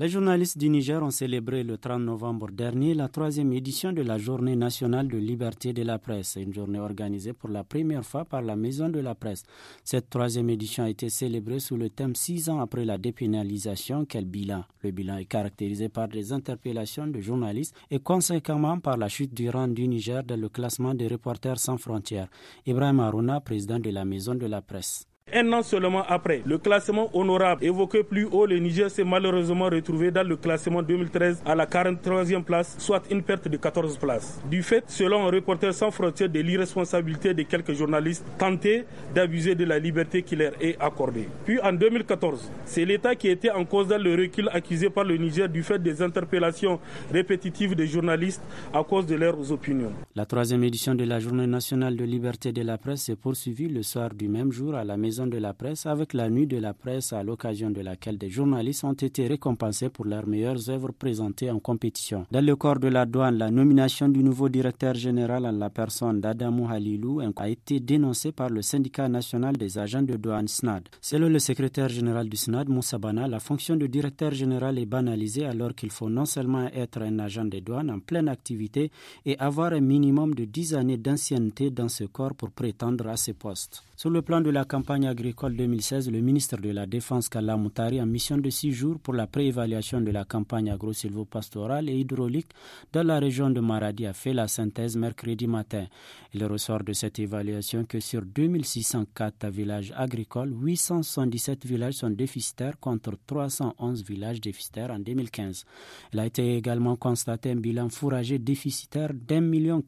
Les journalistes du Niger ont célébré le 30 novembre dernier la troisième édition de la Journée nationale de liberté de la presse, une journée organisée pour la première fois par la Maison de la presse. Cette troisième édition a été célébrée sous le thème Six ans après la dépénalisation, quel bilan Le bilan est caractérisé par des interpellations de journalistes et conséquemment par la chute du rang du Niger dans le classement des reporters sans frontières. Ibrahim Aruna, président de la Maison de la presse. Un an seulement après, le classement honorable évoqué plus haut, le Niger s'est malheureusement retrouvé dans le classement 2013 à la 43e place, soit une perte de 14 places. Du fait, selon un reporter sans frontières, de l'irresponsabilité de quelques journalistes tentés d'abuser de la liberté qui leur est accordée. Puis en 2014, c'est l'État qui était en cause dans le recul accusé par le Niger du fait des interpellations répétitives des journalistes à cause de leurs opinions. La troisième édition de la Journée nationale de liberté de la presse s'est poursuivie le soir du même jour à la maison de la presse avec la nuit de la presse à l'occasion de laquelle des journalistes ont été récompensés pour leurs meilleures œuvres présentées en compétition. Dans le corps de la douane, la nomination du nouveau directeur général en la personne d'Adam Halilou a été dénoncée par le syndicat national des agents de douane SNAD. Selon le secrétaire général du SNAD, Moussabana, la fonction de directeur général est banalisée alors qu'il faut non seulement être un agent des douanes en pleine activité et avoir un minimum de 10 années d'ancienneté dans ce corps pour prétendre à ce poste. Sur le plan de la campagne agricole 2016, le ministre de la Défense Kala Moutari en mission de six jours pour la préévaluation de la campagne agro-silvopastorale et hydraulique dans la région de Maradi a fait la synthèse mercredi matin. Il ressort de cette évaluation que sur 2604 villages agricoles, 877 villages sont déficitaires contre 311 villages déficitaires en 2015. Il a été également constaté un bilan fourragé déficitaire d'un million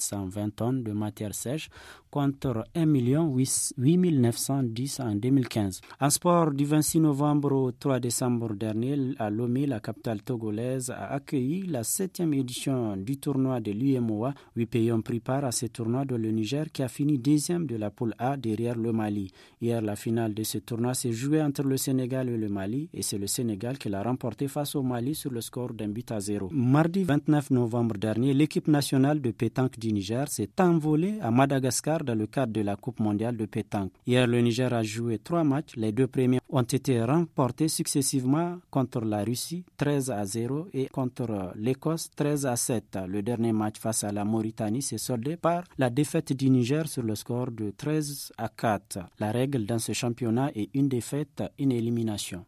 cent vingt tonnes de matière sèche contre 1 million 8910 en 2015. En sport, du 26 novembre au 3 décembre dernier, à Lomé, la capitale togolaise a accueilli la 7e édition du tournoi de l'UMOA. Huit pays ont pris part à ce tournoi de le Niger qui a fini deuxième de la poule A derrière le Mali. Hier, la finale de ce tournoi s'est jouée entre le Sénégal et le Mali et c'est le Sénégal qui l'a remporté face au Mali sur le score d'un but à zéro. Mardi 29 novembre dernier, l'équipe nationale de pétanque du Niger s'est envolée à Madagascar dans le cadre de la Coupe mondiale de pétanque. Hier, le Niger a joué trois matchs. Les deux premiers ont été remportés successivement contre la Russie 13 à 0 et contre l'Écosse 13 à 7. Le dernier match face à la Mauritanie s'est soldé par la défaite du Niger sur le score de 13 à 4. La règle dans ce championnat est une défaite, une élimination.